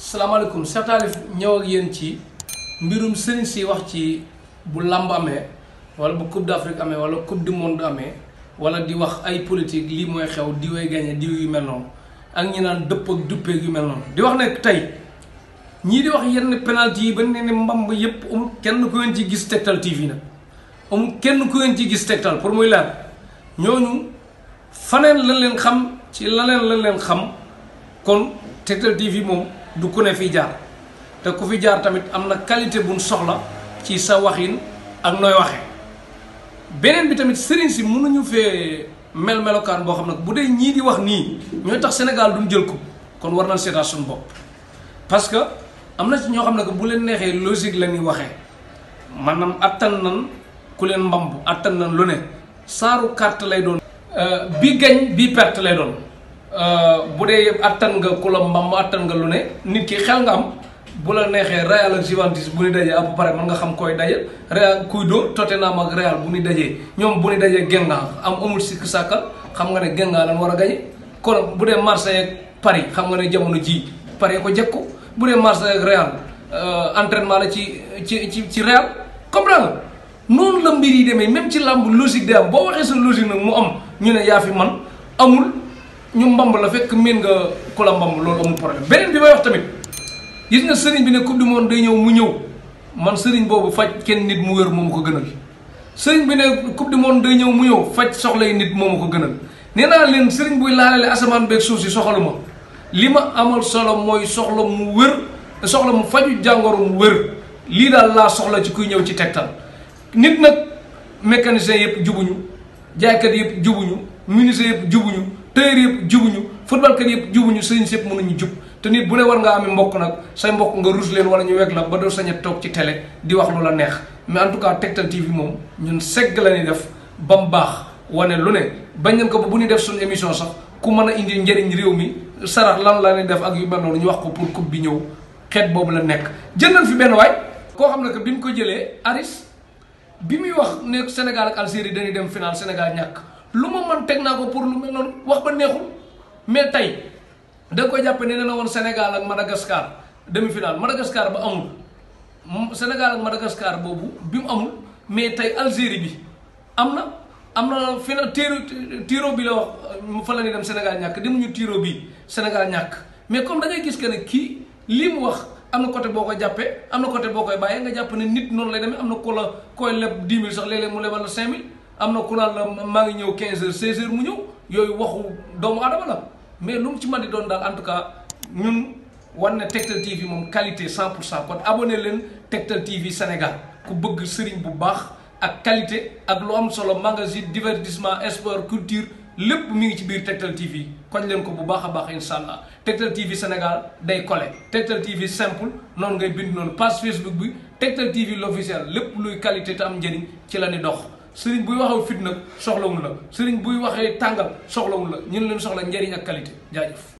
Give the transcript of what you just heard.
salaamaaleykum Cheikh Talif ñëw ak ci mbirum sëriñ si wax ci bu làmb amee wala bu coupe d'Afrique amee wala coupe du monde amee wala di wax ay politique lii mooy xew diwee gagné diw yu mel noonu ak ñi naan dëpp ak duppeeg yu mel noonu di wax ne tey ñii di wax yenn penalty yi ba ne mbamb yépp um kenn ku ngeen ci gis Tektal TV nag um kenn ku ngeen ci gis tegtal pour muy leer ñooñu faneen lañ leen xam ci laneen lañ leen xam kon Tektal TV moom du ko ne fiy jaar te ku fi jaar tamit am na qualité buñ soxla ci sa waxin ak nooy waxe beneen bi tamit sëriñ si mënuñu fee mel melokaan boo xam nag bu dee ñii di wax nii ñoo tax Sénégal duñ jël ko kon war nañ seetaat suñu bopp parce que am na si ñoo xam ne que bu leen neexee logique la ñuy waxee maanaam attan nan ku leen mbamb attan nan lu ne saaru carte lay doon. Euh, bi gañ bi perte lay doon. Euh, bu dee yëpp attan nga ku la mbam attan nga lu ne nit ki xel nga am bu la neexee Real ak Juventus bu ñu dajee à peu près nga xam koy daje Real kuy dóor Tottenham ak Real bu ñu dajee ñoom bu ñu dajee Guingamp am amul sikk sàkkal xam nga ne Guingamp lan war a gañe kon bu dee Marseille ak Paris xam nga ne jamono ji Paris ko jekku bu dee Marseille ak Real euh, entraînement la ci ci ci ci Real comprendre noonu la mbir yi demee même ci làmb logique day am boo waxee sa logique nag mu am ñu ne yaa fi man amul ñu mbamb la fekk miin nga ku la mbamb loolu amul problème beneen bi may wax tamit gis nga sëriñ bi ne coupe du monde day ñëw mu ñëw man sëriñ boobu faj kenn nit mu wér moomu ko gënal sëriñ bi ne coupe du monde day ñëw mu ñëw faj soxlay nit moomu ko gënal nee naa leen sëriñ buy laalale asamaan beeg suuf si soxalu ma li ma amal solo mooy soxla mu wër soxla mu faju jàngoro mu wér lii daal laa soxla ci kuy ñëw ci tegtal nit nag mécanicien yëpp jubuñu jaaykat yëpp jubuñu menuisier yëpp jubuñu tëyër yëpp jubuñu footballkat yëpp jubuñu sëriñ si yëpp mënuñu jub te nit bu ne war ngaa amee mbokk nag say mbokk nga rus leen wala ñu weg la ba doo sañ a toog ci télé di wax lu la neex en tout cas Tektal TV moom ñun segg la ñuy def ba mu baax wane lu ne bañ nañ ko ba bu ñu def suñu émission sax ku mën a indi njëriñ réew mi sarax lan la ñuy def ak yu mel noonu ñu wax ko pour coupe bi ñëw xeet boobu la nekk jël nañ fi benn waay koo xam ne que bi mu ko jëlee Aris bi muy wax ne Sénégal ak Algérie dañuy dem final Sénégal ñàkk lu ma man teg naa ko pour lu mel noonu wax ba neexul mais tey da nga koy jàppe ne nee na woon Sénégal ak Madagascar demi-finale Madagascar ba amul Sénégal ak Madagascar boobu bi mu amul mais tey Algérie bi am na am na final tiro tiro bi la wax euh, fa la ñuy dem Sénégal ñàkk demuñu tiro bi Sénégal ñàkk mais comme da ngay gis que ne kii lii mu wax am na côté boo koy jàppee am na côté boo koy bàyyee nga jàpp ne nit noonu lay demee am na ko la koy leb 10 000 am na ku naan la maa ngi ñëw 15 heures 16 heures mu ñëw yooyu waxu doomu adama la mais lu mu ci mën di doon daal en tout cas ñun war na Tektal TV moom qualité 100 pour cent kon leen Tektal TV Sénégal ku bëgg sëriñ bu baax ak qualité ak lu am solo magazine divertissement sport culture lépp mu ngi ci biir Tektal TV koñ leen ko bu baax a baax incha allah Tektal TV Sénégal day collé Tektal TV simple noonu ngay bind noonu page Facebook bi Tektal TV l'officiel lépp luy qualité te am njëriñ ci la ni dox. sëriñ buy waxaw fit nag soxlawul la sëriñ buy waxee tàngal soxlawul la ñun leen soxla njariñ ak qualité jaajëf